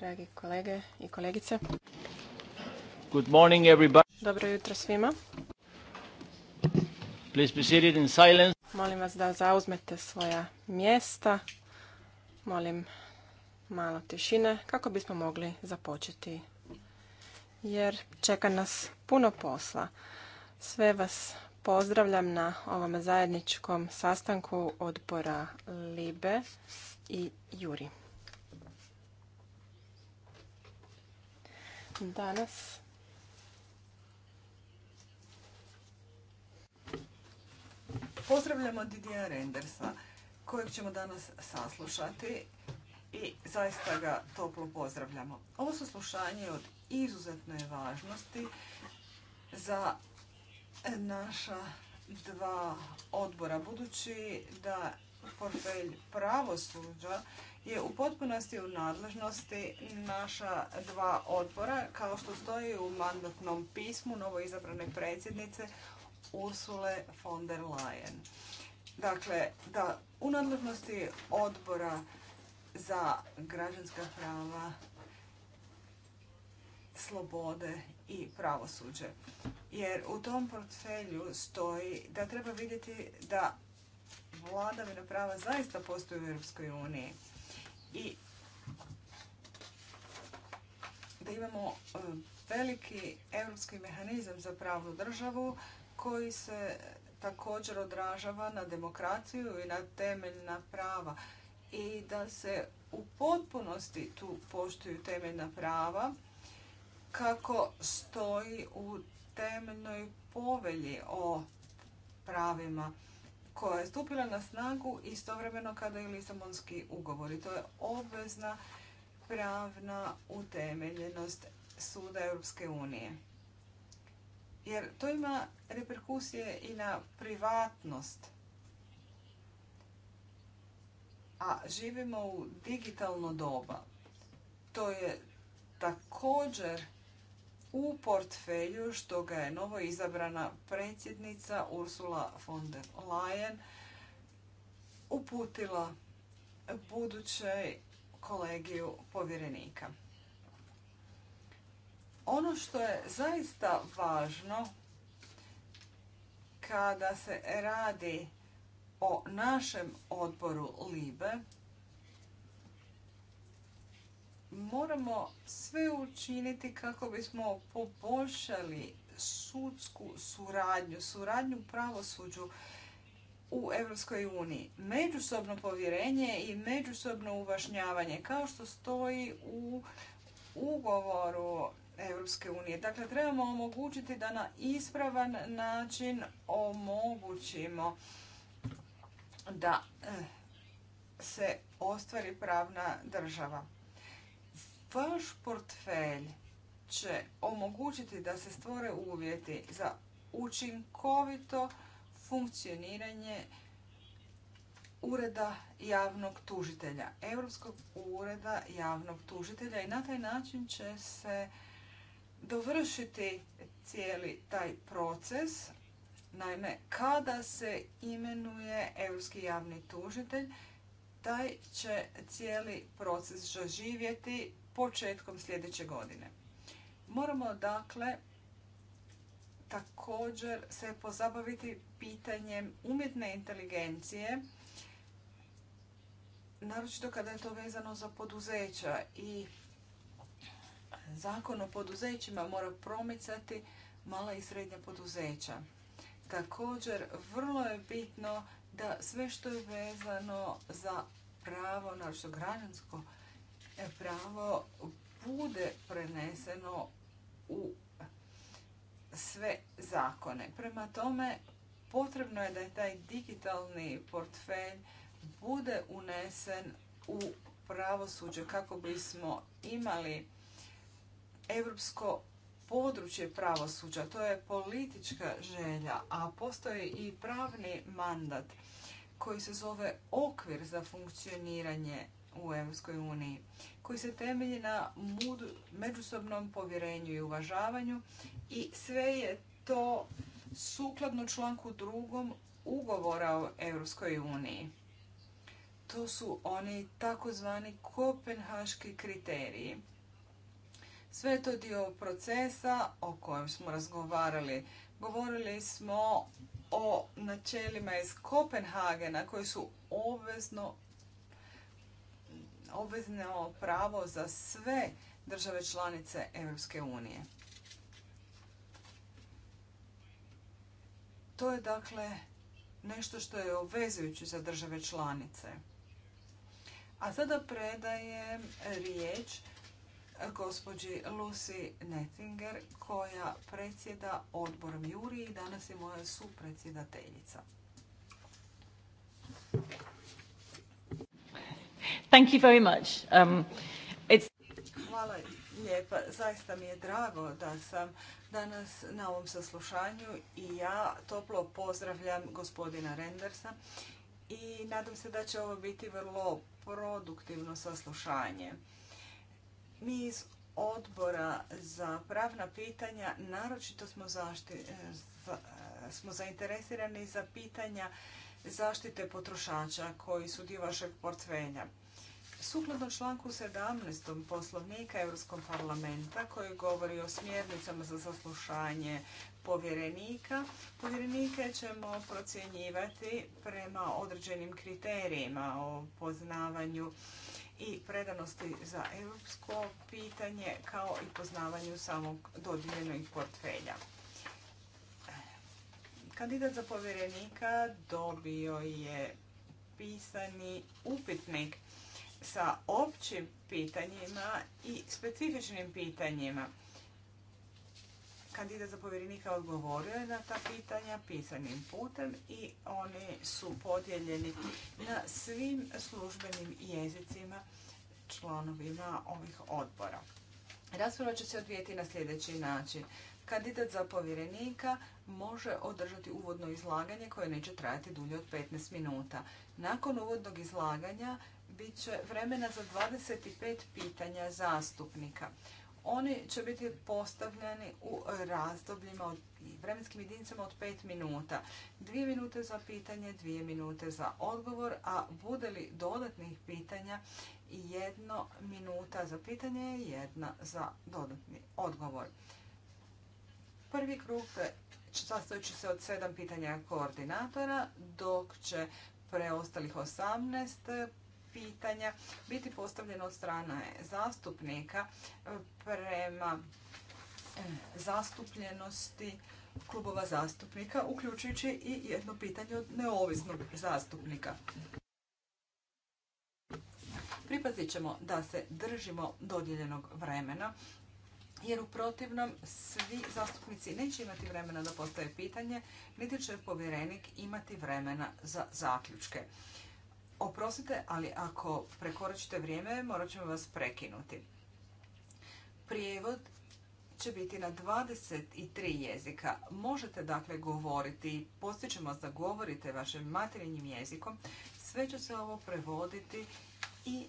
dragi kolege i kolegice. Good morning Dobro jutro svima. Molim vas da zauzmete svoja mjesta. Molim malo tišine kako bismo mogli započeti. Jer čeka nas puno posla. Sve vas pozdravljam na ovom zajedničkom sastanku odbora Libe i Juri. danas Pozdravljamo Didija Rendersa kojeg ćemo danas saslušati i zaista ga toplo pozdravljamo. Ovo saslušanje je od izuzetne važnosti za naša dva odbora, budući da portfelj pravosuđa je u potpunosti u nadležnosti naša dva odbora, kao što stoji u mandatnom pismu novoizabrane predsjednice Ursule von der Leyen. Dakle, da u nadležnosti odbora za građanska prava, slobode i pravosuđe. Jer u tom portfelju stoji da treba vidjeti da vladavina prava zaista postoji u Europskoj uniji i da imamo e, veliki europski mehanizam za pravnu državu koji se također odražava na demokraciju i na temeljna prava i da se u potpunosti tu poštuju temeljna prava kako stoji u temeljnoj povelji o pravima koja je stupila na snagu istovremeno kada je Lisabonski ugovor i to je obvezna pravna utemeljenost suda Europske unije. Jer to ima reperkusije i na privatnost. A živimo u digitalno doba. To je također u portfelju što ga je novo izabrana predsjednica Ursula von der Leyen uputila budućoj kolegiju povjerenika. Ono što je zaista važno kada se radi o našem odboru LIBE moramo sve učiniti kako bismo poboljšali sudsku suradnju, suradnju pravosuđu u Europskoj uniji. Međusobno povjerenje i međusobno uvažnjavanje, kao što stoji u ugovoru Europske unije. Dakle, trebamo omogućiti da na ispravan način omogućimo da eh, se ostvari pravna država. Vaš portfelj će omogućiti da se stvore uvjeti za učinkovito funkcioniranje ureda javnog tužitelja, Europskog ureda javnog tužitelja i na taj način će se dovršiti cijeli taj proces. Naime, kada se imenuje Europski javni tužitelj, taj će cijeli proces zaživjeti početkom sljedeće godine. Moramo dakle također se pozabaviti pitanjem umjetne inteligencije, naročito kada je to vezano za poduzeća i zakon o poduzećima mora promicati mala i srednja poduzeća. Također, vrlo je bitno da sve što je vezano za pravo, naročito građansko pravo bude preneseno u sve zakone. Prema tome, potrebno je da je taj digitalni portfelj bude unesen u pravosuđe kako bismo imali europsko područje pravosuđa. To je politička želja, a postoji i pravni mandat koji se zove okvir za funkcioniranje u EU, koji se temelji na međusobnom povjerenju i uvažavanju i sve je to sukladno članku drugom ugovora o EU. uniji. To su oni takozvani kopenhaški kriteriji. Sve je to dio procesa o kojem smo razgovarali. Govorili smo o načelima iz Kopenhagena koji su obvezno obvezno pravo za sve države članice Europske unije. To je dakle nešto što je obvezujuće za države članice. A sada predajem riječ gospođi Lucy Nettinger koja predsjeda odborom Juri i danas je moja supredsjedateljica. Thank you very much. Um, it's... Hvala lijepa. Zaista mi je drago da sam danas na ovom saslušanju i ja toplo pozdravljam gospodina Rendersa i nadam se da će ovo biti vrlo produktivno saslušanje. Mi iz odbora za pravna pitanja naročito smo, zašti, e, smo zainteresirani za pitanja zaštite potrošača koji su dio vašeg portfelja. Sukladno članku 17. poslovnika Europskog parlamenta koji govori o smjernicama za saslušanje povjerenika, povjerenike ćemo procjenjivati prema određenim kriterijima o poznavanju i predanosti za europsko pitanje kao i poznavanju samog dodijeljenog portfelja. Kandidat za povjerenika dobio je pisani upitnik sa općim pitanjima i specifičnim pitanjima. Kandidat za povjerenika odgovorio je na ta pitanja pisanim putem i oni su podijeljeni na svim službenim jezicima članovima ovih odbora. Rasprava će se odvijeti na sljedeći način. Kandidat za povjerenika može održati uvodno izlaganje koje neće trajati dulje od 15 minuta. Nakon uvodnog izlaganja bit će vremena za 25 pitanja zastupnika. Oni će biti postavljeni u razdobljima od vremenskim jedinicama od 5 minuta. 2 minute za pitanje, dvije minute za odgovor, a bude li dodatnih pitanja, jedno minuta za pitanje, jedna za dodatni odgovor. Prvi krug sastoji se od sedam pitanja koordinatora, dok će preostalih 18 pitanja biti postavljena od strane zastupnika e, prema e, zastupljenosti klubova zastupnika, uključujući i jedno pitanje od neovisnog zastupnika. Pripazit ćemo da se držimo dodijeljenog vremena, jer u protivnom svi zastupnici neće imati vremena da postave pitanje, niti će povjerenik imati vremena za zaključke. Oprostite, ali ako prekoračite vrijeme, morat ćemo vas prekinuti. Prijevod će biti na 23 jezika. Možete dakle govoriti, postićemo vas da govorite vašim materinjim jezikom. Sve će se ovo prevoditi i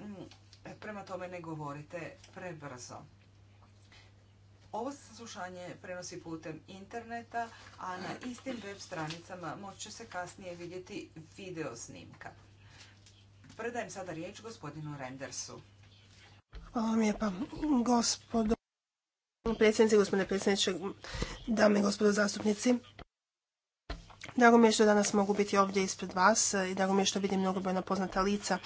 mm, prema tome ne govorite prebrzo. Ovo saslušanje prenosi putem interneta, a na istim web stranicama moće se kasnije vidjeti video snimka. Predajem sada riječ gospodinu Rendersu. Hvala vam lijepa, gospodo predsjednici, gospodine predsjedniče, dame i gospodo zastupnici. Drago mi je što danas mogu biti ovdje ispred vas e, i drago mi je što vidim mnogobrojna poznata lica.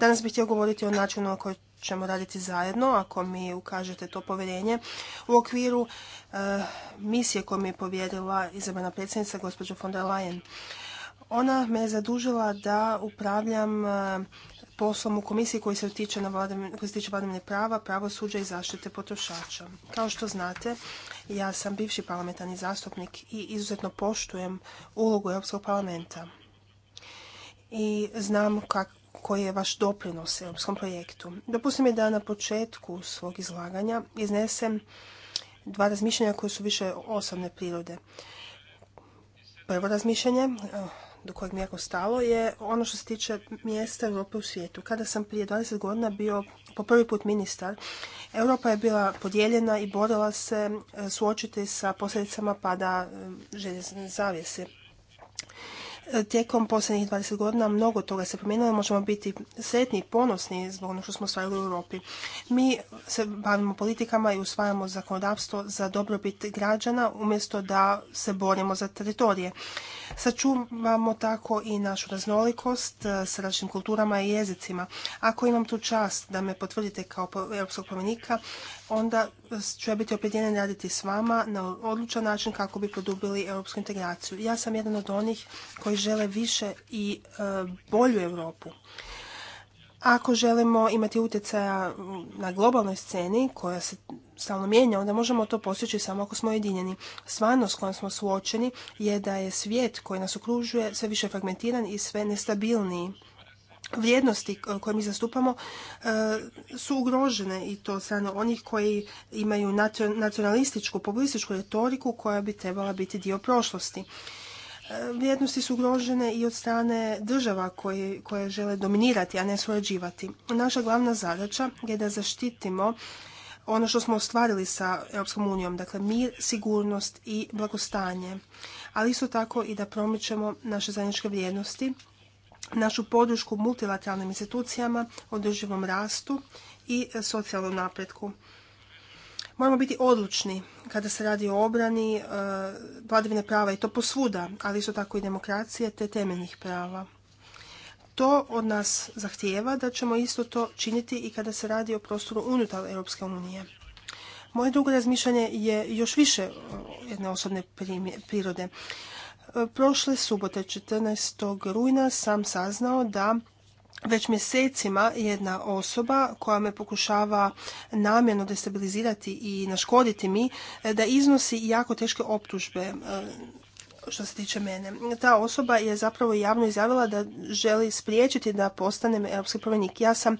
Danas bih htio govoriti o načinu na koji ćemo raditi zajedno, ako mi ukažete to povjerenje, u okviru e, misije koju mi je povjerila izabrana predsjednica gospođa von der Leyen. Ona me je zadužila da upravljam e, poslom u komisiji koji se tiče, na vladavine, koji se tiče prava, pravosuđa i zaštite potrošača. Kao što znate, ja sam bivši parlamentarni zastupnik i izuzetno poštujem ulogu Europskog parlamenta. I znam kak, koji je vaš doprinos europskom projektu. Dopustite mi da na početku svog izlaganja iznesem dva razmišljenja koje su više osobne prirode. Prvo razmišljanje, do kojeg mi jako stalo je ono što se tiče mjesta Europe u svijetu. Kada sam prije 20 godina bio po prvi put ministar, Europa je bila podijeljena i borila se e, suočiti sa posljedicama pada e, željezne zavjese. Tijekom posljednjih 20 godina mnogo toga se promijenilo i možemo biti sretni i ponosni zbog onog što smo ostvarili u Europi. Mi se bavimo politikama i usvajamo zakonodavstvo za dobrobit građana umjesto da se borimo za teritorije. Sačuvamo tako i našu raznolikost eh, s različitim kulturama i jezicima. Ako imam tu čast da me potvrdite kao europskog promjenika, onda ću ja biti opredjeljen raditi s vama na odlučan način kako bi produbili europsku integraciju. Ja sam jedan od onih koji žele više i e, bolju Europu. Ako želimo imati utjecaja na globalnoj sceni koja se stalno mijenja, onda možemo to postići samo ako smo jedinjeni. s kojom smo suočeni je da je svijet koji nas okružuje sve više fragmentiran i sve nestabilniji vrijednosti eh, koje mi zastupamo eh, su ugrožene i to od strane onih koji imaju nacionalističku, populističku retoriku koja bi trebala biti dio prošlosti. Eh, vrijednosti su ugrožene i od strane država koje, koje žele dominirati, a ne surađivati. Naša glavna zadaća je da zaštitimo ono što smo ostvarili sa Europskom unijom, dakle mir, sigurnost i blagostanje, ali isto tako i da promičemo naše zajedničke vrijednosti našu podršku multilateralnim institucijama, održivom rastu i e, socijalnom napretku. Moramo biti odlučni kada se radi o obrani e, vladavine prava i to posvuda, ali isto tako i demokracije te temeljnih prava. To od nas zahtijeva da ćemo isto to činiti i kada se radi o prostoru unutar Europske unije. Moje drugo razmišljanje je još više e, jedne osobne prirode. Prošle subote 14. rujna sam saznao da već mjesecima jedna osoba koja me pokušava namjerno destabilizirati i naškoditi mi da iznosi jako teške optužbe što se tiče mene. Ta osoba je zapravo javno izjavila da želi spriječiti da postanem europski prvenik. Ja sam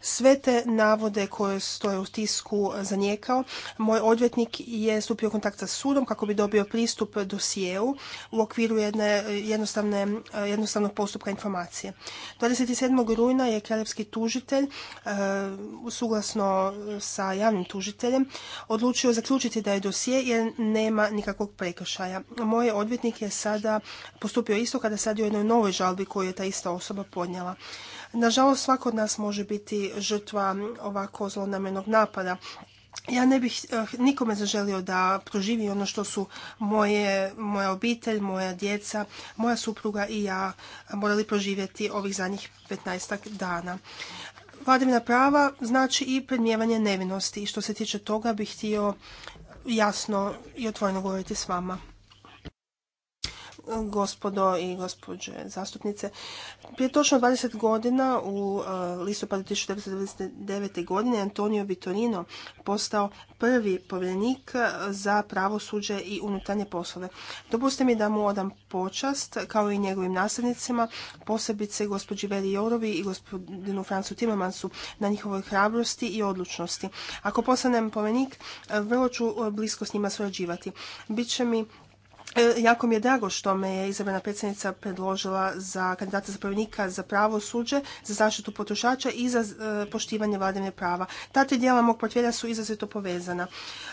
sve te navode koje stoje u tisku zanijekao. Moj odvjetnik je stupio u kontakt sa sudom kako bi dobio pristup dosijeu u okviru jedne jednostavne, jednostavnog postupka informacije. 27. rujna je kraljevski tužitelj e, suglasno sa javnim tužiteljem odlučio zaključiti da je dosje jer nema nikakvog prekršaja. Moj odvjetnik odvjetnik je sada postupio isto kada sad je o jednoj novoj žalbi koju je ta ista osoba podnijela. Nažalost, svako od nas može biti žrtva ovako zlonamenog napada. Ja ne bih eh, nikome zaželio da proživi ono što su moje, moja obitelj, moja djeca, moja supruga i ja morali proživjeti ovih zadnjih 15 dana. Vladavina prava znači i predmijevanje nevinosti i što se tiče toga bih htio jasno i otvoreno govoriti s vama gospodo i gospođe zastupnice. Prije točno 20 godina u e, listopadu 1999. godine Antonio Vitorino postao prvi povjerenik e, za pravosuđe i unutarnje poslove. Dopustite mi da mu odam počast, kao i njegovim nasljednicima, posebice gospođi Veri jorovi i gospodinu Francu Timamansu na njihovoj hrabrosti i odlučnosti. Ako postanem povjerenik, e, vrlo ću blisko s njima surađivati. Biće mi E, jako mi je drago što me je izabrana predsjednica predložila za kandidata za pravnika za pravosuđe, za zaštitu potrošača i za e, poštivanje vladavine prava. Ta tri dijela mog portfelja su izrazito povezana.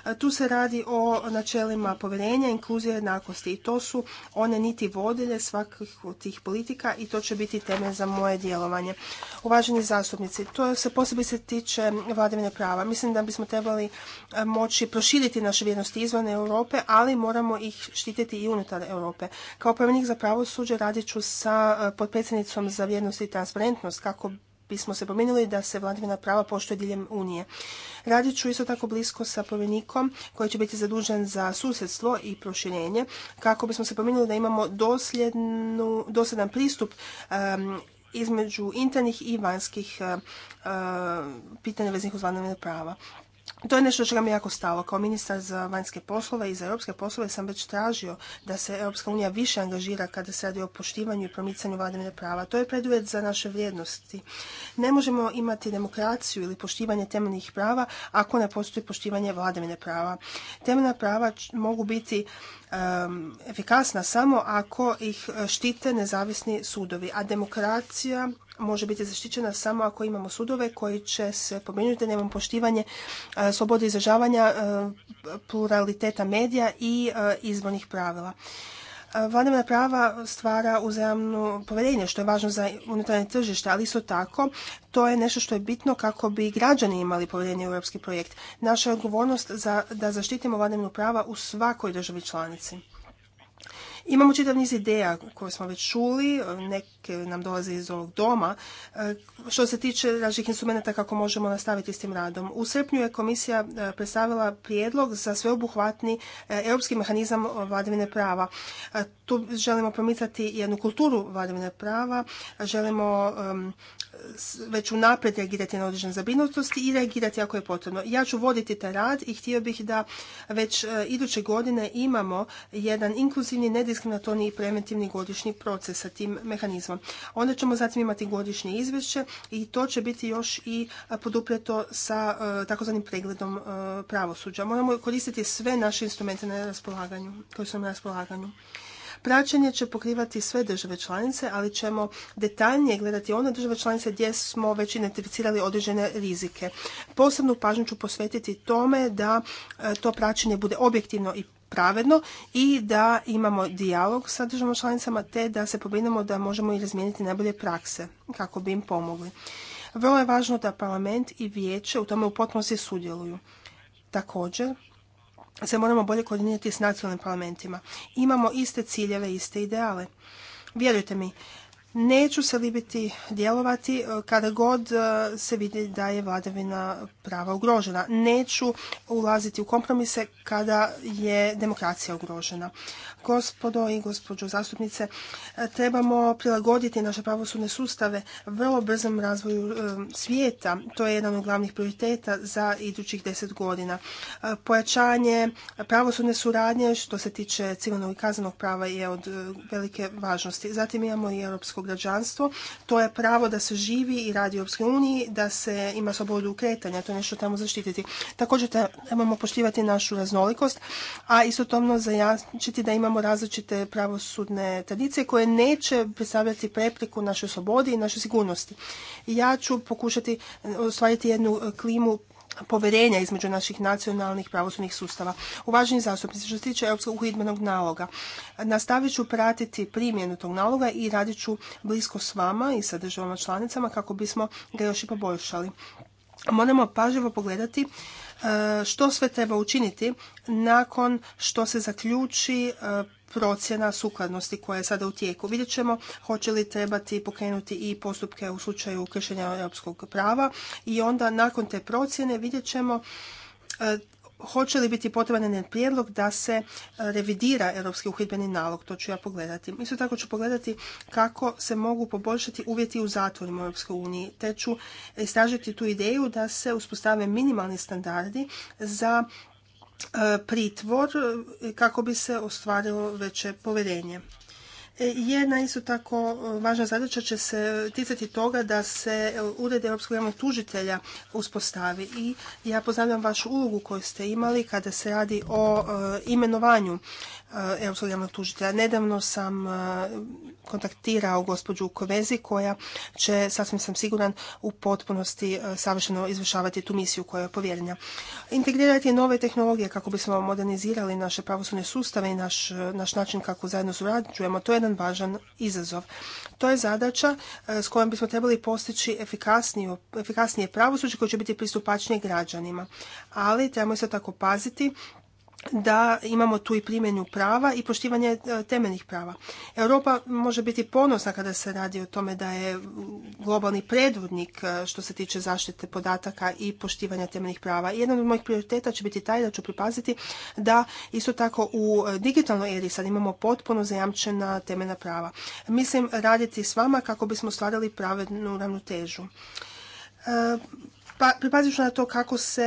E, tu se radi o načelima povjerenja, inkluzije, jednakosti i to su one niti vodilje svakih tih politika i to će biti temelj za moje djelovanje. Uvaženi zastupnici, to se posebno se tiče vladavine prava. Mislim da bismo trebali moći proširiti naše vrijednosti izvan Europe, ali moramo ih štititi i unutar Europe. Kao prvenik za pravosuđe radit ću sa e, potpredsjednicom za vjernost i transparentnost kako bismo se pomenuli da se vladavina prava poštuje diljem Unije. Radit ću isto tako blisko sa povjerenikom koji će biti zadužen za susjedstvo i proširenje kako bismo se pomenuli da imamo dosljedan pristup između internih i vanjskih e, e, pitanja veznih uz vladavine prava to je nešto čega mi jako stalo. Kao ministar za vanjske poslove i za europske poslove sam već tražio da se Europska unija više angažira kada se radi o poštivanju i promicanju vladavine prava. To je preduvjet za naše vrijednosti. Ne možemo imati demokraciju ili poštivanje temeljnih prava ako ne postoji poštivanje vladavine prava. Temeljna prava mogu biti efikasna samo ako ih štite nezavisni sudovi, a demokracija može biti zaštićena samo ako imamo sudove koji će se pominuti da nemamo poštivanje e, slobode izražavanja, e, pluraliteta medija i e, izbornih pravila. Vladavina prava stvara uzajamno povjerenje, što je važno za unutarnje tržište, ali isto tako to je nešto što je bitno kako bi građani imali povjerenje u europski projekt. Naša je odgovornost da zaštitimo vladavinu prava u svakoj državi članici. Imamo čitav niz ideja koje smo već čuli, neke nam dolaze iz ovog doma. E, što se tiče različitih instrumenta kako možemo nastaviti s tim radom. U srpnju je komisija e, predstavila prijedlog za sveobuhvatni e, europski mehanizam vladavine prava. Tu želimo promicati jednu kulturu vladavine prava, želimo već unaprijed reagirati na određene zabrinutosti i reagirati ako je potrebno. Ja ću voditi taj rad i htio bih da već iduće godine imamo jedan inkluzivni, to i preventivni godišnji proces sa tim mehanizmom. Onda ćemo zatim imati godišnje izvješće i to će biti još i podupreto sa e, takozvanim pregledom e, pravosuđa. Moramo koristiti sve naše instrumente na raspolaganju, koji su na raspolaganju. Praćenje će pokrivati sve države članice, ali ćemo detaljnije gledati one države članice gdje smo već identificirali određene rizike. Posebnu pažnju ću posvetiti tome da e, to praćenje bude objektivno i pravedno i da imamo dijalog sa državama članicama te da se pobrinemo da možemo i razmijeniti najbolje prakse kako bi im pomogli. Vrlo je važno da parlament i vijeće u tome u potpunosti sudjeluju. Također, se moramo bolje koordinirati s nacionalnim parlamentima. Imamo iste ciljeve, iste ideale. Vjerujte mi, Neću se libiti djelovati e, kada god e, se vidi da je vladavina prava ugrožena. Neću ulaziti u kompromise kada je demokracija ugrožena. Gospodo i gospođo zastupnice, e, trebamo prilagoditi naše pravosudne sustave vrlo brzom razvoju svijeta. To je jedan od glavnih prioriteta za idućih deset godina. Pojačanje pravosudne suradnje što se tiče civilnog i kaznenog prava je od velike važnosti. Zatim imamo i europsko građanstvo, to je pravo da se živi i radi u Europskoj uniji, da se ima slobodu kretanja, to je nešto tamo zaštititi. Također trebamo poštivati našu raznolikost, a tomno zajamčiti da imamo različite pravosudne tradicije koje neće predstavljati prepreku našoj slobodi i našoj sigurnosti. Ja ću pokušati eh, ostvariti jednu klimu povjerenja između naših nacionalnih pravosudnih sustava. Uvaženi zastupnici, što se tiče Europskog uhidbenog naloga, nastavit ću pratiti primjenu tog naloga i radit ću blisko s vama i sa državama članicama kako bismo ga još i poboljšali. Moramo pažljivo pogledati e, što sve treba učiniti nakon što se zaključi e, procjena sukladnosti koja je sada u tijeku. Vidjet ćemo hoće li trebati pokrenuti i postupke u slučaju kršenja europskog prava i onda nakon te procjene vidjet ćemo e, hoće li biti potreban prijedlog da se revidira europski uhidbeni nalog, to ću ja pogledati. Isto tako ću pogledati kako se mogu poboljšati uvjeti u zatvorima u Europskoj uniji, te ću istražiti tu ideju da se uspostave minimalni standardi za E, pritvor e, kako bi se ostvarilo veće povjerenje. E, jedna isto tako važna zadaća će se ticati toga da se Ured Europskog javnog tužitelja uspostavi i ja pozdravljam vašu ulogu koju ste imali kada se radi o imenovanju Eh, Europskog javnog tužitelja. Nedavno sam eh, kontaktirao gospođu Kovezi koja će, sasvim sam siguran, u potpunosti eh, savršeno izvršavati tu misiju koja je povjerenja. Integrirati nove tehnologije kako bismo modernizirali naše pravosudne sustave i naš, način kako zajedno surađujemo, to je jedan važan izazov. To je zadaća s kojom bismo trebali postići efikasnije, efikasnije pravosuđe koje će biti pristupačnije građanima. Ali trebamo isto tako paziti da imamo tu i primjenju prava i poštivanje e, temeljnih prava. Europa može biti ponosna kada se radi o tome da je globalni predvodnik e, što se tiče zaštite podataka i poštivanja temeljnih prava. Jedan od mojih prioriteta će biti taj da ću pripaziti da isto tako u e, digitalnoj eri sad imamo potpuno zajamčena temeljna prava. Mislim raditi s vama kako bismo stvarali pravednu ravnotežu pa ću na to kako se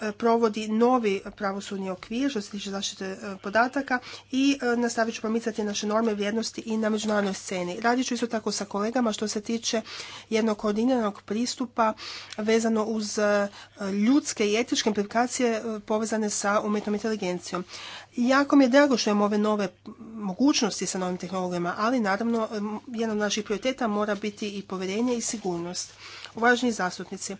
e, provodi novi pravosudni okvir što se tiče zaštite e, podataka i e, nastavit ću promicati naše norme vrijednosti i na međunarodnoj sceni. Radit ću isto tako sa kolegama što se tiče jednog koordiniranog pristupa vezano uz ljudske i etičke implikacije povezane sa umjetnom inteligencijom. Jako mi je drago što imamo ove nove mogućnosti sa novim tehnologijama, ali naravno jedan od naših prioriteta mora biti i povjerenje i sigurnost. Uvaženi zastupnici,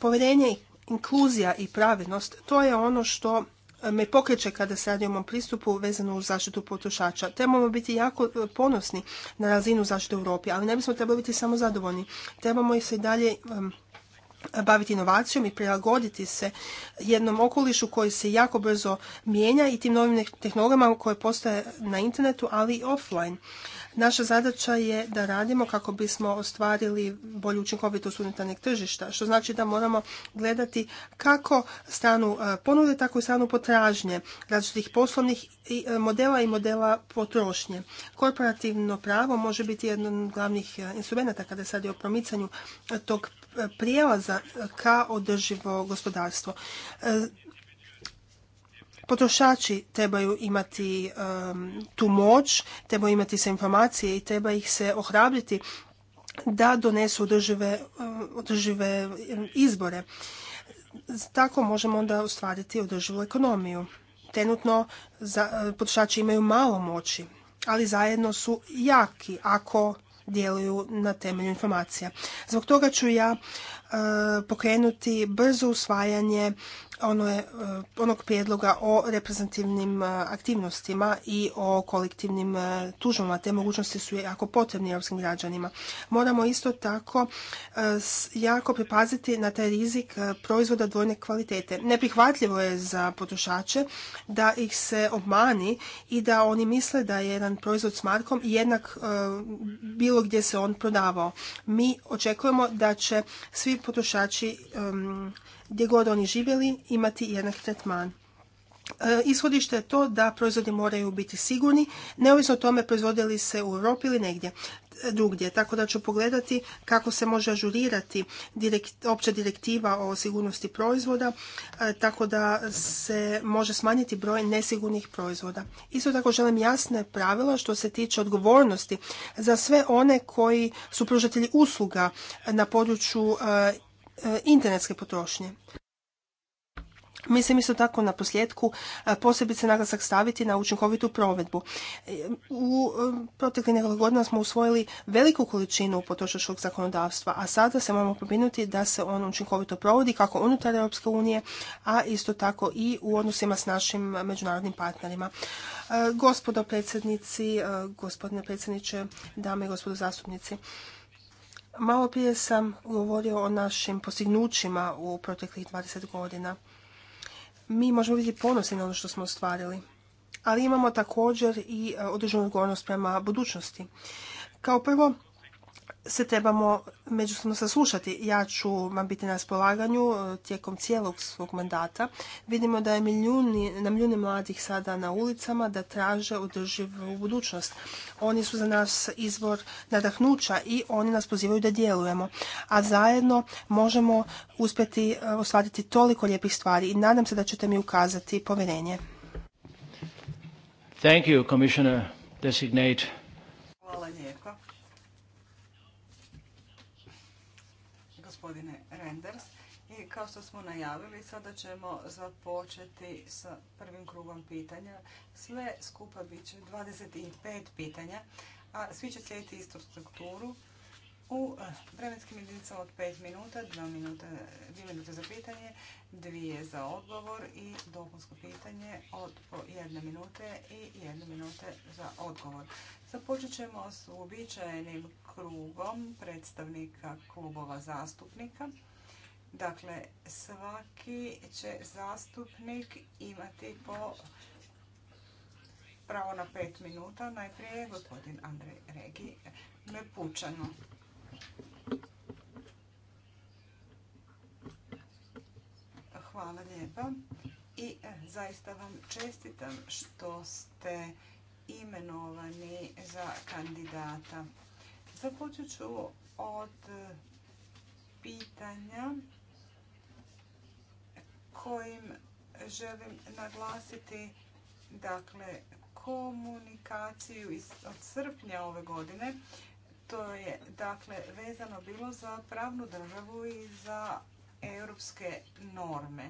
Povjerenje, inkluzija i pravednost, to je ono što me pokreće kada se radi o mom pristupu vezano uz zaštitu potrošača. Trebamo biti jako e, ponosni na razinu zaštite u Europi, ali ne bismo trebali biti samo zadovoljni. Trebamo se i dalje vam baviti inovacijom i prilagoditi se jednom okolišu koji se jako brzo mijenja i tim novim tehnologijama koje postoje na internetu, ali i offline. Naša zadaća je da radimo kako bismo ostvarili bolju učinkovitost unutarnjeg tržišta, što znači da moramo gledati kako stranu e, ponude, tako i stranu potražnje različitih poslovnih e, modela i modela potrošnje. Korporativno pravo može biti jedan od glavnih e, instrumenta kada se radi o promicanju tog prijelaza ka održivo gospodarstvo. E, potrošači trebaju imati tu moć, trebaju imati se informacije i treba ih se ohrabriti da donesu održive, održive izbore. Tako možemo onda ostvariti održivu ekonomiju. Trenutno potrošači imaju malo moći, ali zajedno su jaki ako djeluju na temelju informacija. Zbog toga ću ja e, pokrenuti brzo usvajanje ono e, onog prijedloga o reprezentativnim e, aktivnostima i o kolektivnim tužbama. Te mogućnosti su jako potrebni europskim građanima. Moramo isto tako jako pripaziti na taj rizik proizvoda dvojne kvalitete. Neprihvatljivo je za potrošače da ih se obmani i da oni misle da je jedan proizvod s markom jednak bilo gdje se on prodavao. Mi očekujemo da će svi potrošači gdje god oni živjeli imati jednak tretman. E, ishodište je to da proizvodi moraju biti sigurni, neovisno o tome proizvodili se u Europi ili negdje e, drugdje. Tako da ću pogledati kako se može ažurirati opća direktiva o sigurnosti proizvoda, e, tako da se može smanjiti broj nesigurnih proizvoda. Isto tako želim jasne pravila što se tiče odgovornosti za sve one koji su pružatelji usluga na području internetske potrošnje. Mislim isto tako na posljedku posebice naglasak staviti na učinkovitu provedbu. E, u e, proteklih nekoliko godina smo usvojili veliku količinu potrošačkog zakonodavstva, a sada se moramo pobrinuti da se on učinkovito provodi kako unutar Europske unije, a isto tako i u odnosima s našim međunarodnim partnerima. E, gospodo predsjednici, gospodine predsjedniče, dame i gospodo zastupnici, Malo prije sam govorio o našim postignućima u proteklih 20 godina mi možemo biti ponosni na ono što smo ostvarili. Ali imamo također i e, određenu odgovornost prema budućnosti. Kao prvo, se trebamo međusobno saslušati. Ja ću vam biti na raspolaganju e, tijekom cijelog svog mandata. Vidimo da je milijuni, na milijuni mladih sada na ulicama da traže održivu budućnost. Oni su za nas izvor nadahnuća i oni nas pozivaju da djelujemo. A zajedno možemo uspjeti e, osvatiti toliko lijepih stvari i nadam se da ćete mi ukazati povjerenje. Thank you, Commissioner Kao što smo najavili, sada ćemo započeti sa prvim krugom pitanja. Sve skupa bit će 25 pitanja, a svi će slijediti istu strukturu. U eh, vremenskim jedinicama od 5 minuta, 2 minuta, minute za pitanje, 2 za odgovor i dopunsko pitanje od 1 minute i 1 minute za odgovor. Započet ćemo s uobičajenim krugom predstavnika klubova zastupnika. Dakle, svaki će zastupnik imati po pravo na pet minuta. Najprije gospodin Andrej Regi me pučano. Hvala lijepa i e, zaista vam čestitam što ste imenovani za kandidata. Započet ću od e, pitanja kojim želim naglasiti dakle, komunikaciju iz, od srpnja ove godine. To je dakle vezano bilo za pravnu državu i za europske norme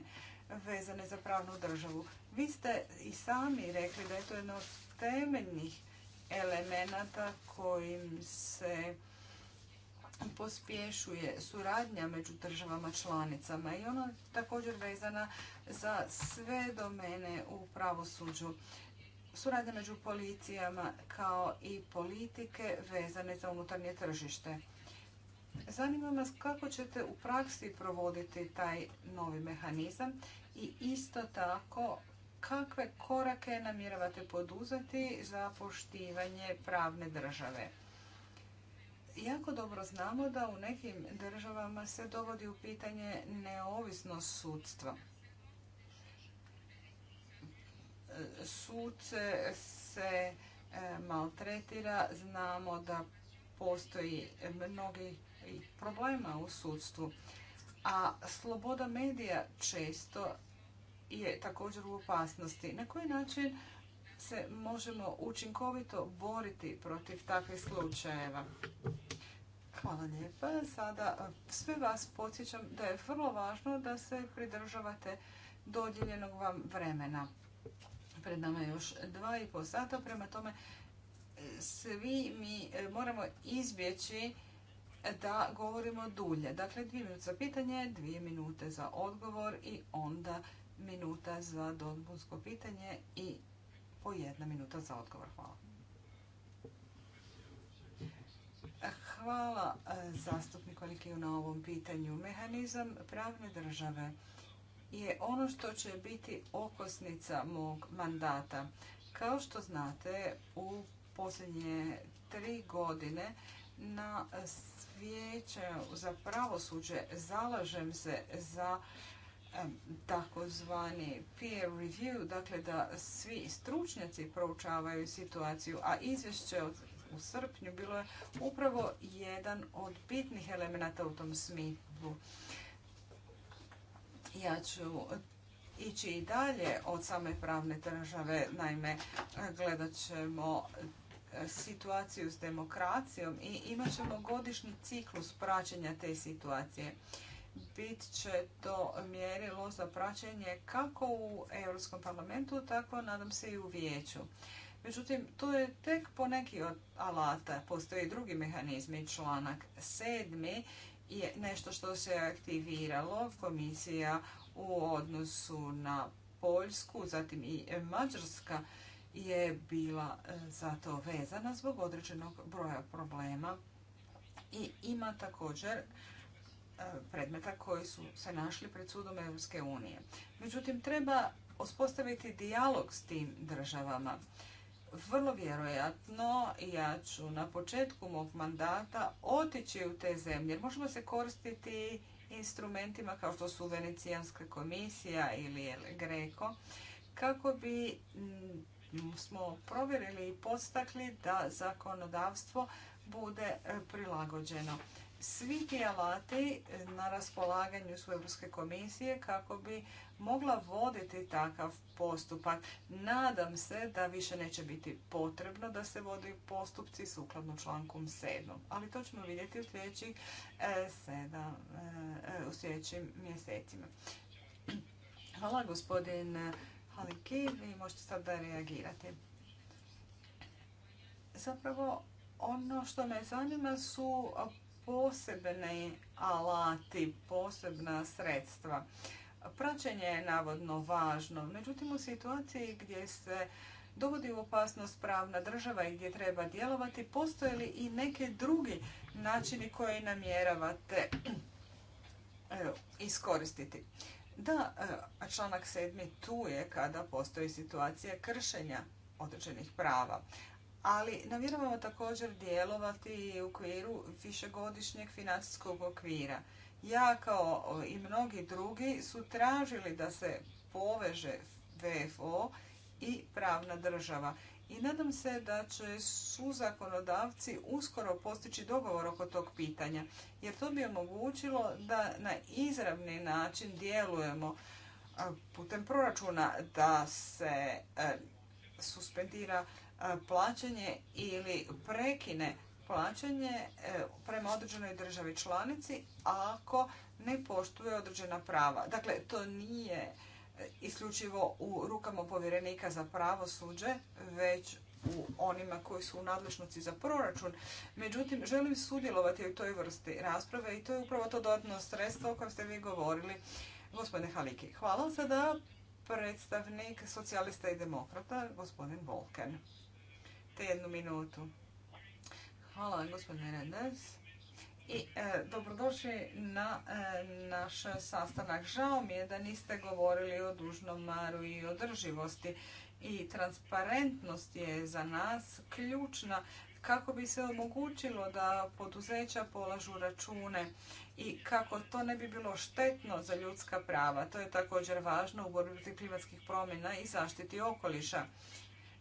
vezane za pravnu državu. Vi ste i sami rekli da je to jedno od temeljnih elemenata kojim se pospješuje suradnja među državama članicama i ona također vezana za sve domene u pravosuđu. Suradnja među policijama kao i politike vezane za unutarnje tržište. Zanima nas kako ćete u praksi provoditi taj novi mehanizam i isto tako kakve korake namjeravate poduzeti za poštivanje pravne države jako dobro znamo da u nekim državama se dovodi u pitanje neovisnost sudstva. Sudce se e, maltretira, znamo da postoji mnogi problema u sudstvu. A sloboda medija često je također u opasnosti. Na koji način se možemo učinkovito boriti protiv takvih slučajeva. Hvala lijepa. Sada sve vas podsjećam da je vrlo važno da se pridržavate dodijeljenog vam vremena. Pred nama je još dva i pol sata, prema tome svi mi e, moramo izbjeći da govorimo dulje. Dakle, dvije minute za pitanje, dvije minute za odgovor i onda minuta za dodbunsko pitanje i po jedna minuta za odgovor. Hvala. Hvala e, zastupniku Alikiju na ovom pitanju. Mehanizam pravne države je ono što će biti okosnica mog mandata. Kao što znate, u posljednje tri godine na svijeće za pravosuđe zalažem se za takozvani peer review, dakle da svi stručnjaci proučavaju situaciju, a izvješće u srpnju bilo je upravo jedan od bitnih elemenata u tom smislu. Ja ću ići i dalje od same pravne države, naime gledat ćemo e, situaciju s demokracijom i imat ćemo godišnji ciklus praćenja te situacije bit će to mjerilo za praćenje kako u Europskom parlamentu, tako nadam se i u vijeću. Međutim, to je tek po neki od alata. Postoji drugi mehanizmi. Članak sedmi je nešto što se aktiviralo. Komisija u odnosu na Poljsku, zatim i Mađarska je bila e, za to vezana zbog određenog broja problema. I ima također E, predmeta koji su se našli pred sudom Europske unije. Međutim, treba uspostaviti dijalog s tim državama. Vrlo vjerojatno ja ću na početku mog mandata otići u te zemlje. Jer možemo se koristiti instrumentima kao što su Venecijanska komisija ili Greco kako bi smo provjerili i postakli da zakonodavstvo bude e, prilagođeno. Svi ti alati na raspolaganju su Europske komisije kako bi mogla voditi takav postupak. Nadam se da više neće biti potrebno da se vodi postupci sukladno člankom 7. Ali to ćemo vidjeti u e, e, u sljedećim mjesecima. Hvala gospodin Kiv, vi možete sad da reagirati. Zapravo, ono što me zanima su posebni alati, posebna sredstva. Praćenje je navodno važno, međutim u situaciji gdje se dovodi u opasnost pravna država i gdje treba djelovati, postoje li i neke drugi načini koje namjeravate e, iskoristiti. Da, e, članak sedmi tu je kada postoji situacija kršenja određenih prava. Ali namjeravamo također djelovati u okviru višegodišnjeg financijskog okvira. Ja kao i mnogi drugi su tražili da se poveže VFO i pravna država i nadam se da će su zakonodavci uskoro postići dogovor oko tog pitanja, jer to bi omogućilo da na izravni način djelujemo putem proračuna da se e, suspendira plaćanje ili prekine plaćanje e, prema određenoj državi članici ako ne poštuje određena prava. Dakle, to nije isključivo u rukama povjerenika za pravo suđe, već u onima koji su u nadležnosti za proračun. Međutim, želim sudjelovati u toj vrsti rasprave i to je upravo to dodatno sredstvo o kojem ste vi govorili, gospodine Haliki. Hvala sada predstavnik socijalista i demokrata, gospodin Volken. Te jednu minutu. Hvala, vam, gospodine Renders i e, dobrodošli na e, naš sastanak. Žao mi je da niste govorili o dužnom maru i održivosti i transparentnost je za nas ključna kako bi se omogućilo da poduzeća polažu račune i kako to ne bi bilo štetno za ljudska prava. To je također važno u borbi protiv klimatskih promjena i zaštiti okoliša.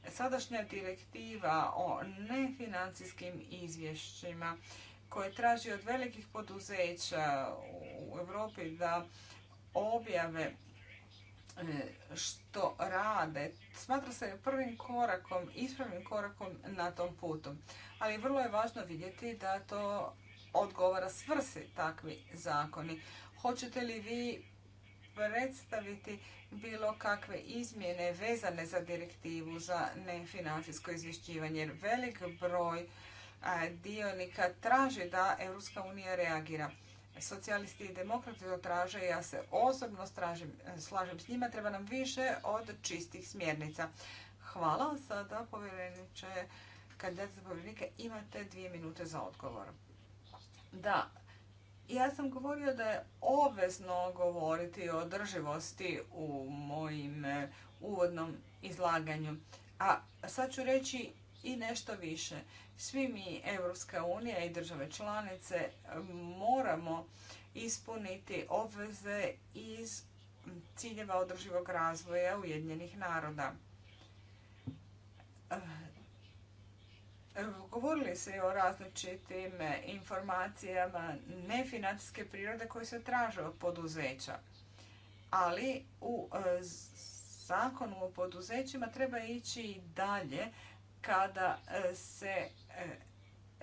Sadašnja direktiva o nefinancijskim izvješćima koje traži od velikih poduzeća u Europi da objave e, što rade, smatra se prvim korakom, ispravnim korakom na tom putu. Ali vrlo je važno vidjeti da to odgovara svrsi takvi zakoni. Hoćete li vi predstaviti bilo kakve izmjene vezane za direktivu za nefinancijsko izvješćivanje? Jer velik broj dionika traži da Europska unija reagira. Socijalisti i demokrati to traže, ja se osobno slažem s njima, treba nam više od čistih smjernica. Hvala, sada povjereniče, kandidat za povjerenike, imate dvije minute za odgovor. Da, ja sam govorio da je obvezno govoriti o održivosti u mojim eh, uvodnom izlaganju. A sad ću reći i nešto više. Svi mi, Europska unija i države članice, moramo ispuniti obveze iz ciljeva održivog razvoja Ujedinjenih naroda. Govorili se i o različitim informacijama nefinancijske prirode koje se traže od poduzeća. Ali u e, zakonu o poduzećima treba ići i dalje kada e, se e,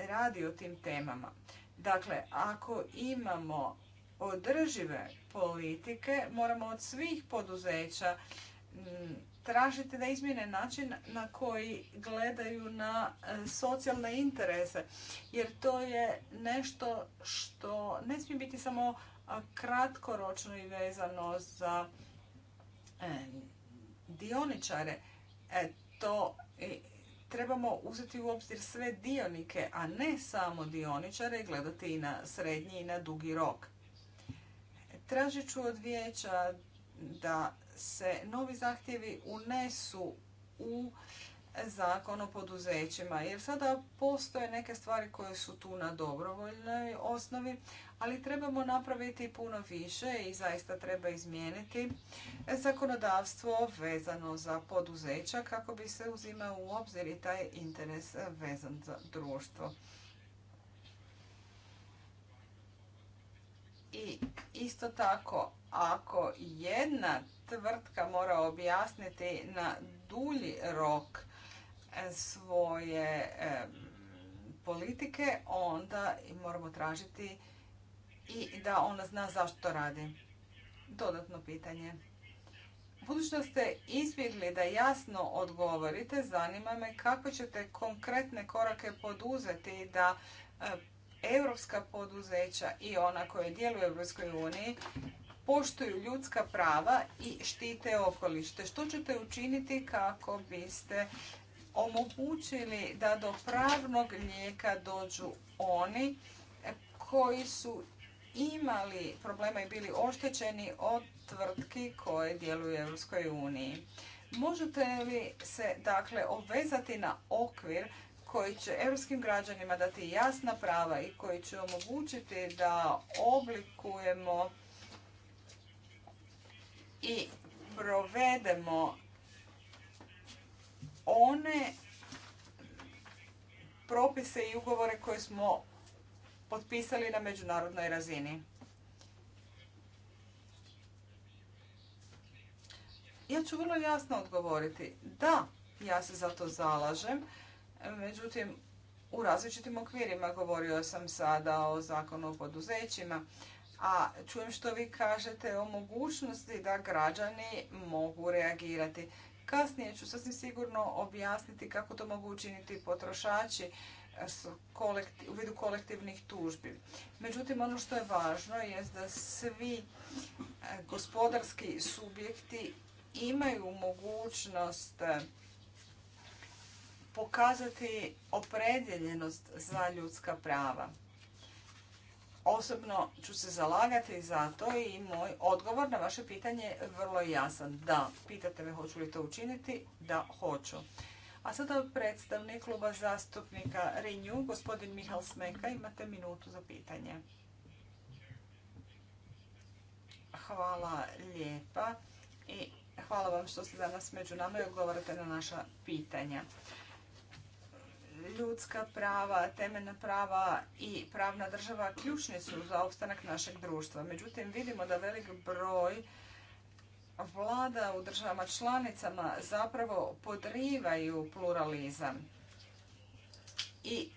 radi o tim temama. Dakle, ako imamo održive politike, moramo od svih poduzeća tražiti da izmjene način na koji gledaju na e, socijalne interese. Jer to je nešto što ne smije biti samo kratkoročno i vezano za dioničare. To trebamo uzeti u obzir sve dionike, a ne samo dioničare gledati i na srednji i na dugi rok. Tražit ću od vijeća da se novi zahtjevi unesu u zakon o poduzećima. Jer sada postoje neke stvari koje su tu na dobrovoljnoj osnovi, ali trebamo napraviti puno više i zaista treba izmijeniti zakonodavstvo vezano za poduzeća kako bi se uzimao u obzir i taj interes vezan za društvo. I isto tako, ako jedna tvrtka mora objasniti na dulji rok svoje e, politike, onda moramo tražiti i da ona zna zašto to radi. Dodatno pitanje. Budući da ste izbjegli da jasno odgovorite, zanima me kako ćete konkretne korake poduzeti da e, europska poduzeća i ona koja djeluju u EU poštuju ljudska prava i štite okolište. Što ćete učiniti kako biste omogućili da do pravnog lijeka dođu oni koji su imali problema i bili oštećeni od tvrtki koje djeluju u EU. Možete li se dakle obvezati na okvir koji će europskim građanima dati jasna prava i koji će omogućiti da oblikujemo i provedemo one propise i ugovore koje smo potpisali na međunarodnoj razini. Ja ću vrlo jasno odgovoriti. Da, ja se za to zalažem. Međutim, u različitim okvirima govorio sam sada o zakonu o poduzećima, a čujem što vi kažete o mogućnosti da građani mogu reagirati. Kasnije ću sasvim sigurno objasniti kako to mogu učiniti potrošači eh, u vidu kolektivnih tužbi. Međutim, ono što je važno je da svi eh, gospodarski subjekti imaju mogućnost eh, pokazati opredjeljenost za ljudska prava. Osobno ću se zalagati za to i moj odgovor na vaše pitanje je vrlo jasan. Da, pitate me hoću li to učiniti? Da, hoću. A sada predstavnik kluba zastupnika Renew, gospodin Mihal Smeka, imate minutu za pitanje. Hvala lijepa i hvala vam što ste danas među nama i odgovarate na naša pitanja ljudska prava, temeljna prava i pravna država ključni su za opstanak našeg društva. Međutim, vidimo da velik broj vlada u državama članicama zapravo podrivaju pluralizam. I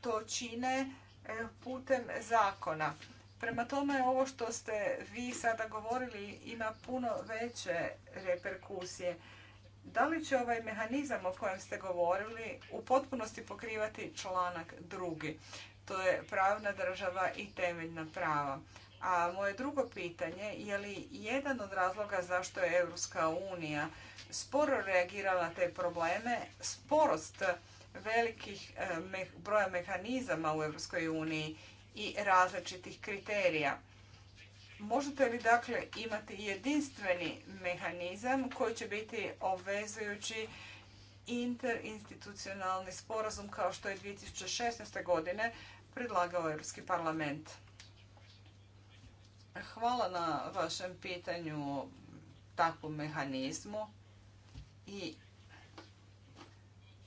to čine e, putem zakona. Prema tome, ovo što ste vi sada govorili ima puno veće reperkusije. Da li će ovaj mehanizam o kojem ste govorili u potpunosti pokrivati članak drugi? To je pravna država i temeljna prava. A moje drugo pitanje je li jedan od razloga zašto je Europska unija sporo reagirala na te probleme, sporost velikih eh, broja mehanizama u Europskoj uniji i različitih kriterija. Možete li dakle imati jedinstveni mehanizam koji će biti obvezujući interinstitucionalni sporazum kao što je 2016. godine predlagao Europski parlament? Hvala na vašem pitanju o takvom mehanizmu i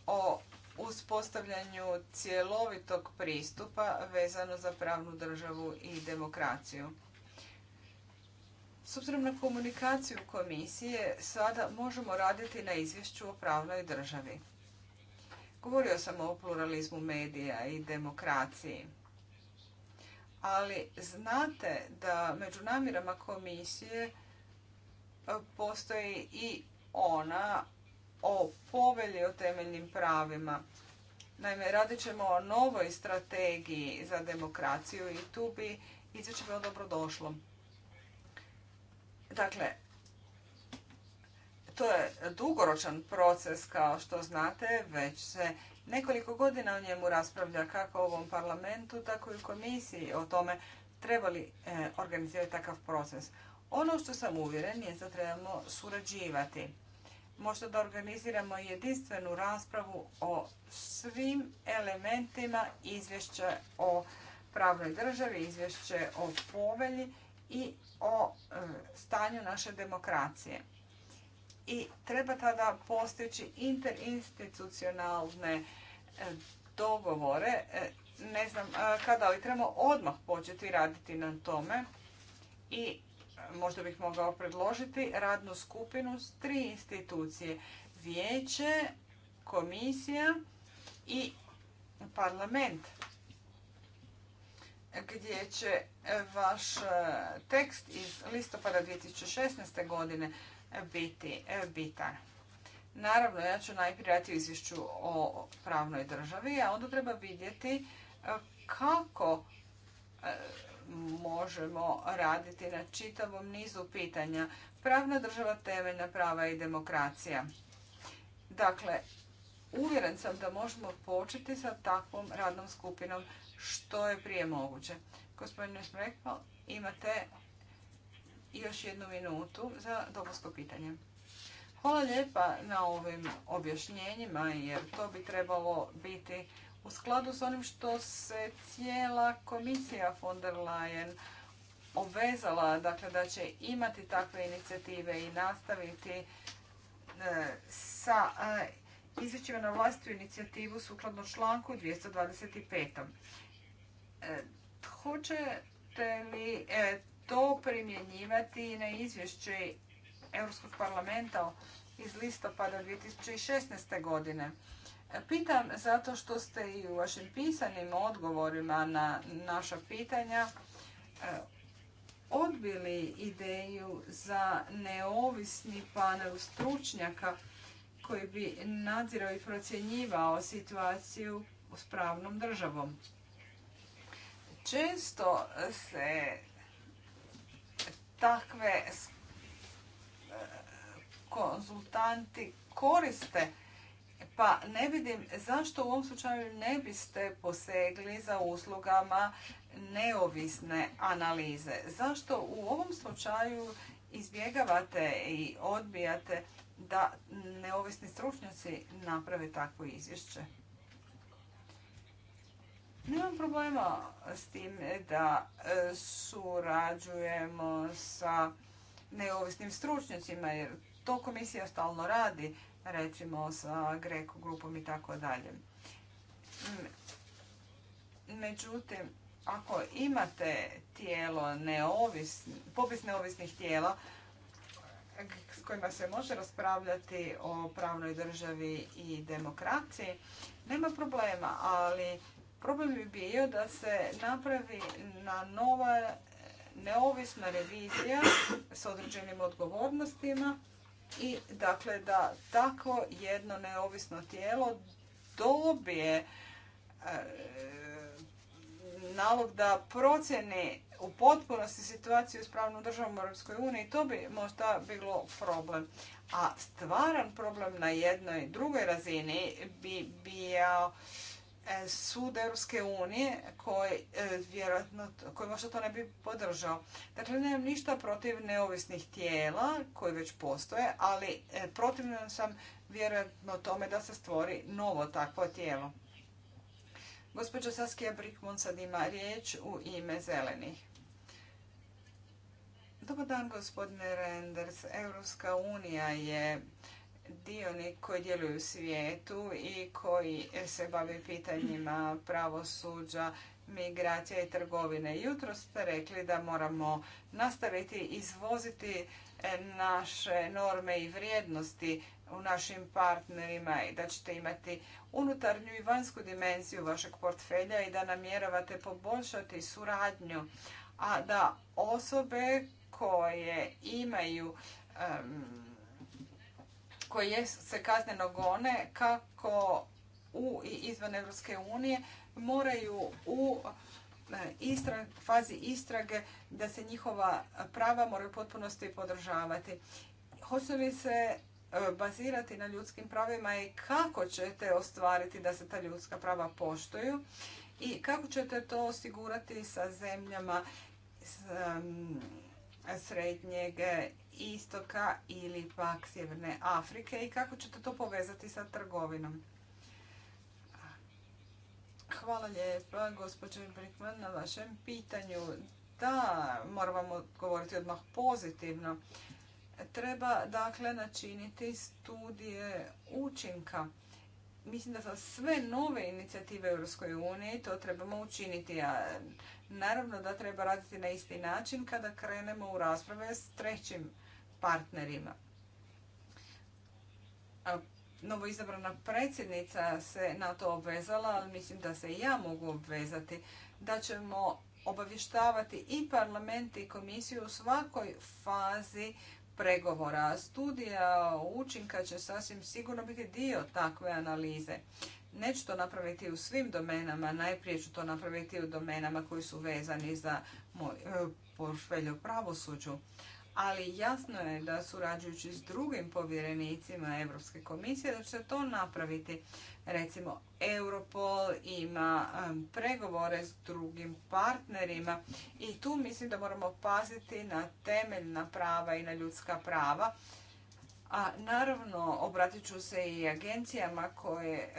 o uspostavljanju cjelovitog pristupa vezano za pravnu državu i demokraciju. S obzirom na komunikaciju komisije, sada možemo raditi na izvješću o pravnoj državi. Govorio sam o pluralizmu medija i demokraciji. Ali znate da među namirama komisije e, postoji i ona o povelji o temeljnim pravima. Naime, radit ćemo o novoj strategiji za demokraciju i tu bi izvješće bilo došlo. Dakle, to je dugoročan proces, kao što znate, već se nekoliko godina o njemu raspravlja kako u ovom parlamentu, tako i u komisiji o tome trebali e, organizirati takav proces. Ono što sam uvjeren je da trebamo surađivati. Možda da organiziramo jedinstvenu raspravu o svim elementima izvješće o pravnoj državi, izvješće o povelji i o e, stanju naše demokracije. I treba tada postići interinstitucionalne e, dogovore. E, ne znam kada, ali trebamo odmah početi raditi na tome. I možda bih mogao predložiti radnu skupinu s tri institucije. Vijeće, komisija i parlament gdje će e, vaš e, tekst iz listopada 2016. godine biti e, bitan. Naravno, ja ću najprije raditi izvješću o pravnoj državi, a onda treba vidjeti kako možemo raditi na čitavom nizu pitanja. Pravna država, temeljna prava i demokracija. Dakle, uvjeren sam da možemo početi sa takvom radnom skupinom što je prije moguće. Gospodine Smrekpo, imate još jednu minutu za dobosko pitanje. Hvala lijepa na ovim objašnjenjima jer to bi trebalo biti u skladu s onim što se cijela komisija von der Leyen obvezala, dakle da će imati takve inicijative i nastaviti e, sa e, na vlastitu inicijativu sukladno članku 225. E, hoćete li e, to primjenjivati na izvješće Europskog parlamenta iz listopada 2016. godine? E, pitam zato što ste i u vašim pisanim odgovorima na naša pitanja odbili ideju za neovisni panel stručnjaka koji bi nadzirao i procjenjivao situaciju s pravnom državom. Često se takve eh, konzultanti koriste, pa ne vidim zašto u ovom slučaju ne biste posegli za uslugama neovisne analize. Zašto u ovom slučaju izbjegavate i odbijate da neovisni stručnjaci naprave takvo izvješće? Nemam problema s tim da e, surađujemo sa neovisnim stručnjacima jer to komisija stalno radi, recimo sa Greko grupom i tako dalje. Međutim, ako imate tijelo neovisno, popis neovisnih tijela s kojima se može raspravljati o pravnoj državi i demokraciji, nema problema, ali Problem bi bio da se napravi na nova neovisna revizija s određenim odgovornostima i dakle da tako jedno neovisno tijelo dobije e, nalog da procjeni u potpunosti situaciju s pravnom državom u Europskoj uniji, to bi možda bilo problem. A stvaran problem na jednoj drugoj razini bi bio sud Europske unije koji e, vjerojatno koji možda to ne bi podržao. Dakle, nemam ništa protiv neovisnih tijela koji već postoje, ali e, protivno sam vjerojatno tome da se stvori novo takvo tijelo. Gospođa Saskija Brickmont sad ima riječ u ime zelenih. Dobar dan, gospodine Renders. Europska unija je dionik koji djeluju u svijetu i koji se bavi pitanjima pravosuđa, migracija i trgovine. Jutro ste rekli da moramo nastaviti izvoziti e, naše norme i vrijednosti u našim partnerima i da ćete imati unutarnju i vanjsku dimenziju vašeg portfelja i da namjeravate poboljšati suradnju, a da osobe koje imaju koje se kazneno gone kako u i izvan Europske unije moraju u e, fazi istrage da se njihova prava moraju potpunosti podržavati. Hoće li se e, bazirati na ljudskim pravima i kako ćete ostvariti da se ta ljudska prava poštuju i kako ćete to osigurati sa zemljama srednjeg istoka ili pak sjeverne Afrike i kako ćete to povezati sa trgovinom. Hvala lijepa, gospođo Brickman, na vašem pitanju. Da, moram vam odmah pozitivno. Treba, dakle, načiniti studije učinka. Mislim da za sve nove inicijative u EU to trebamo učiniti, a naravno da treba raditi na isti način kada krenemo u rasprave s trećim partnerima. Novo izabrana predsjednica se na to obvezala, ali mislim da se i ja mogu obvezati da ćemo obavještavati i parlament i komisiju u svakoj fazi pregovora. Studija učinka će sasvim sigurno biti dio takve analize. Neću to napraviti u svim domenama, najprije ću to napraviti u domenama koji su vezani za moj u e, pravosuđu ali jasno je da surađujući s drugim povjerenicima Europske komisije da će to napraviti. Recimo, Europol ima pregovore s drugim partnerima i tu mislim da moramo paziti na temeljna prava i na ljudska prava. A naravno, obratit ću se i agencijama koje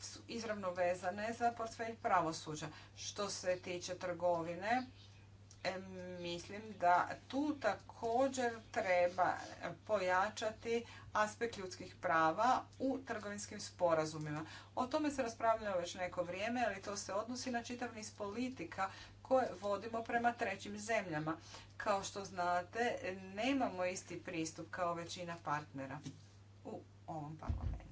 su izravno vezane za portfelj pravosuđa. Što se tiče trgovine, mislim da tu također treba pojačati aspekt ljudskih prava u trgovinskim sporazumima. O tome se raspravljalo već neko vrijeme, ali to se odnosi na čitav niz politika koje vodimo prema trećim zemljama. Kao što znate, nemamo isti pristup kao većina partnera u ovom parlamentu.